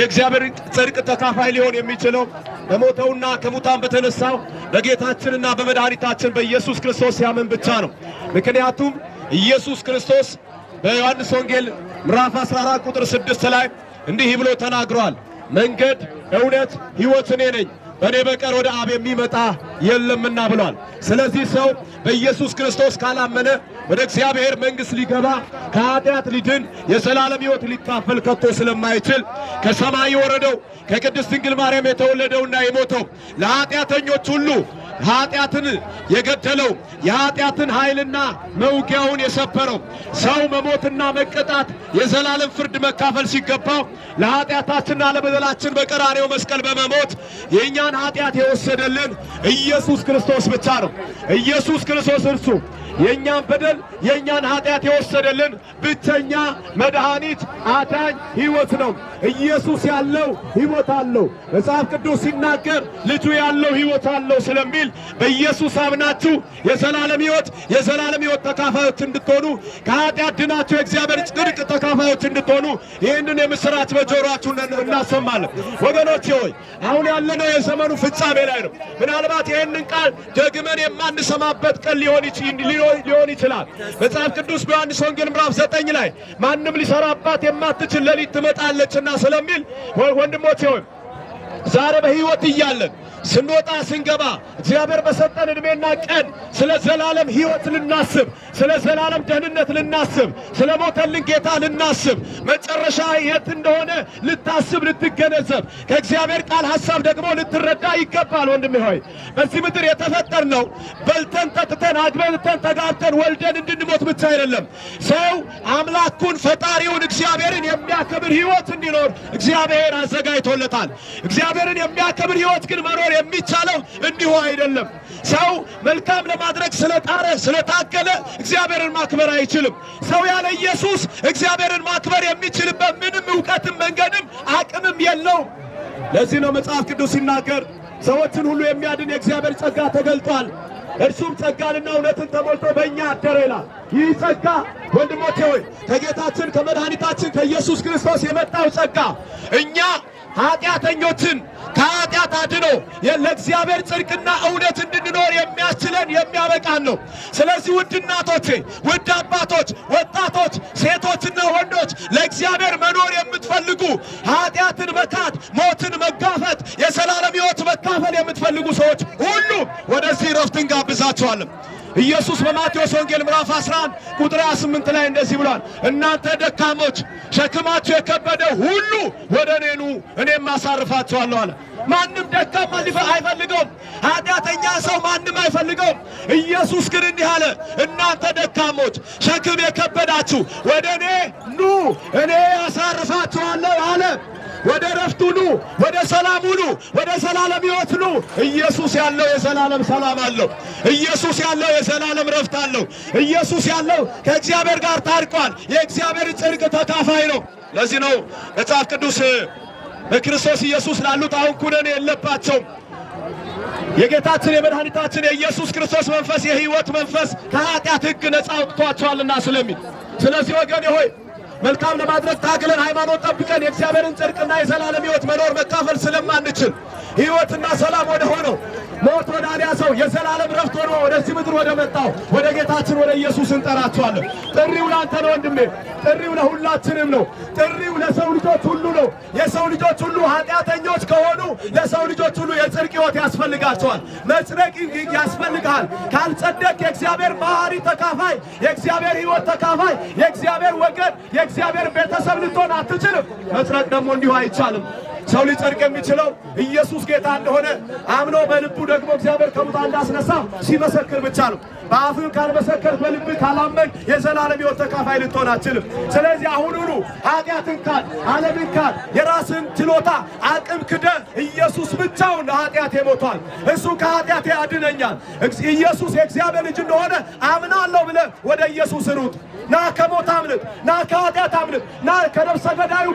የእግዚአብሔር ጽድቅ ተካፋይ ሊሆን የሚችለው በሞተውና ከሙታን በተነሳው በጌታችንና በመድኃኒታችን በኢየሱስ ክርስቶስ ሲያምን ብቻ ነው። ምክንያቱም ኢየሱስ ክርስቶስ በዮሐንስ ወንጌል ምዕራፍ 14 ቁጥር 6 ላይ እንዲህ ብሎ ተናግሯል። መንገድ፣ እውነት፣ ሕይወት እኔ ነኝ በእኔ በቀር ወደ አብ የሚመጣ የለምና ብሏል። ስለዚህ ሰው በኢየሱስ ክርስቶስ ካላመነ ወደ እግዚአብሔር መንግሥት ሊገባ ከኃጢአት ሊድን የዘላለም ሕይወት ሊካፈል ከቶ ስለማይችል ከሰማይ የወረደው ከቅድስት ድንግል ማርያም የተወለደውና የሞተው ለኃጢአተኞች ሁሉ ኃጢአትን የገደለው የኃጢአትን ኃይልና መውጊያውን የሰበረው ሰው መሞትና መቀጣት የዘላለም ፍርድ መካፈል ሲገባው ለኃጢአታችንና ለበደላችን በቀራኔው መስቀል በመሞት የእኛን ኃጢአት የወሰደልን ኢየሱስ ክርስቶስ ብቻ ነው። ኢየሱስ ክርስቶስ እርሱ የእኛን በደል የእኛን ኃጢአት የወሰደልን ብቸኛ መድኃኒት አዳኝ ሕይወት ነው። ኢየሱስ ያለው ሕይወት አለው። መጽሐፍ ቅዱስ ሲናገር ልጁ ያለው ሕይወት አለው ስለሚል በኢየሱስ አምናችሁ የዘላለም ሕይወት የዘላለም ሕይወት ተካፋዮች እንድትሆኑ ከኃጢአት ድናችሁ የእግዚአብሔር ጽድቅ ተካፋዮች እንድትሆኑ ይህንን የምሥራች በጆሮአችሁ እናሰማለን። ወገኖች ሆይ አሁን ያለነው የዘመኑ ፍጻሜ ላይ ነው። ምናልባት ይህንን ቃል ደግመን የማንሰማበት ቀን ሊሆን ይችላል ሊሆን ይችላል። መጽሐፍ ቅዱስ በዮሐንስ ወንጌል ምዕራፍ ዘጠኝ ላይ ማንም ሊሰራባት የማትችል ሌሊት ትመጣለችና ስለሚል ወንድሞቼ ሆይ ዛሬ በሕይወት እያለን ስንወጣ ስንገባ እግዚአብሔር በሰጠን እድሜና ቀን ስለ ዘላለም ሕይወት ልናስብ፣ ስለ ዘላለም ደህንነት ልናስብ፣ ስለ ሞተልን ጌታ ልናስብ፣ መጨረሻ የት እንደሆነ ልታስብ፣ ልትገነዘብ ከእግዚአብሔር ቃል ሐሳብ ደግሞ ልትረዳ ይገባል። ወንድሜ ሆይ በዚህ ምድር የተፈጠር ነው በልተን ጠጥተን አግብተን ተጋብተን ወልደን እንድንሞት ብቻ አይደለም። ሰው አምላኩን ፈጣሪውን እግዚአብሔርን የሚያከብር ሕይወት እንዲኖር እግዚአብሔር አዘጋጅቶለታል። እግዚአብሔርን የሚያከብር ሕይወት ግን መኖር የሚቻለው እንዲሁ አይደለም። ሰው መልካም ለማድረግ ስለጣረ ስለታገለ እግዚአብሔርን ማክበር አይችልም። ሰው ያለ ኢየሱስ እግዚአብሔርን ማክበር የሚችልበት ምንም እውቀትም መንገድም አቅምም የለውም። ለዚህ ነው መጽሐፍ ቅዱስ ሲናገር ሰዎችን ሁሉ የሚያድን የእግዚአብሔር ጸጋ ተገልጧል፣ እርሱም ጸጋንና እውነትን ተሞልቶ በእኛ አደረ ይላል። ይህ ጸጋ ወንድሞቼ ሆይ ከጌታችን ከመድኃኒታችን ከኢየሱስ ክርስቶስ የመጣው ጸጋ እኛ ኃጢአተኞችን ከኃጢአት አድኖ ለእግዚአብሔር ጽድቅና እውነት እንድንኖር የሚያስችለን የሚያበቃን ነው። ስለዚህ ውድ እናቶቼ፣ ውድ አባቶች፣ ወጣቶች፣ ሴቶችና ወንዶች ለእግዚአብሔር መኖር የምትፈልጉ ኃጢአትን መካት፣ ሞትን መጋፈት የሰላለም ሕይወት መካፈል የምትፈልጉ ሰዎች ሁሉ ወደዚህ ረፍት ጋብዛችኋለን። ኢየሱስ በማቴዎስ ወንጌል ምዕራፍ 11 ቁጥር 28 ላይ እንደዚህ ብሏል፣ እናንተ ደካሞች ሸክማችሁ የከበደ ሁሉ ወደ እኔ ኑ፣ እኔም አሳርፋችኋለሁ አለ። ማንም ደካማ አይፈልገውም። ኃጢአተኛ ሰው ማንም አይፈልገውም። ኢየሱስ ግን እንዲህ አለ፣ እናንተ ደካሞች ሸክም የከበዳችሁ ወደ እኔ ኑ፣ እኔ አሳርፋችኋለሁ አለ። ወደ ወደ ሰላም ሁሉ ወደ ሰላለም ሕይወት ኑ። ኢየሱስ ያለው የዘላለም ሰላም አለው። ኢየሱስ ያለው የዘላለም ረፍት አለው። ኢየሱስ ያለው ከእግዚአብሔር ጋር ታርቋል። የእግዚአብሔር ጽድቅ ተካፋይ ነው። ለዚህ ነው መጽሐፍ ቅዱስ በክርስቶስ ኢየሱስ ላሉት አሁን ኩነኔ የለባቸውም። የጌታችን የመድኃኒታችን የኢየሱስ ክርስቶስ መንፈስ የሕይወት መንፈስ ከኃጢአት ሕግ ነፃ አውጥቷቸዋልና ስለሚል ስለዚህ ወገኔ ሆይ መልካም ለማድረግ ታግለን ሃይማኖት ጠብቀን የእግዚአብሔርን ጽድቅና የዘላለም ሕይወት መኖር መካፈል ስለማንችል ሕይወትና ሰላም ወደ ሆነው ሞት ወዳዲያ ሰው የዘላለም ረፍት ሆኖ ወደዚህ ምድር ወደ መጣው ወደ ጌታችን ወደ ኢየሱስ እንጠራቸዋለን ጥሪው ለአንተ ነው ወንድሜ፣ ጥሪው ለሁላችንም ነው። ጥሪው ለሰው ልጆች ሁሉ ነው። የሰው ልጆች ሁሉ ኃጢአተኞች ከሆኑ ለሰው ልጆች ሁሉ የጽድቅ ሕይወት ያስፈልጋቸዋል። መጽደቅ ያስፈልግሃል። ካልጸደቅ የእግዚአብሔር ባህሪ ተካፋይ፣ የእግዚአብሔር ሕይወት ተካፋይ፣ የእግዚአብሔር ወገን፣ የእግዚአብሔር ቤተሰብ ልትሆን አትችልም። መጽደቅ ደግሞ እንዲሁ አይቻልም። ሰው ሊጸድቅ የሚችለው ኢየሱስ ጌታ እንደሆነ አምኖ በልቡ ደግሞ እግዚአብሔር ከሙታን እንዳስነሳ ሲመሰክር ብቻ ነው። በአፍህ ካልመሰከርክ፣ በልብ ካላመንክ የዘላለም ሕይወት ተካፋይ ልትሆን አትችልም። ስለዚህ አሁኑኑ ኃጢአትን ካድ፣ ዓለምን ካድ፣ የራስን ችሎታ አቅም ክደ ኢየሱስ ብቻውን ለኃጢአቴ ሞቷል፣ እሱ ከኃጢአቴ ያድነኛል፣ ኢየሱስ የእግዚአብሔር ልጅ እንደሆነ አምናለሁ ብለ ወደ ኢየሱስ ሩጥ። ና ከሞት አምልጥ፣ ና ከኃጢአት አምልጥ፣ ና ከነፍሰ ገዳዩ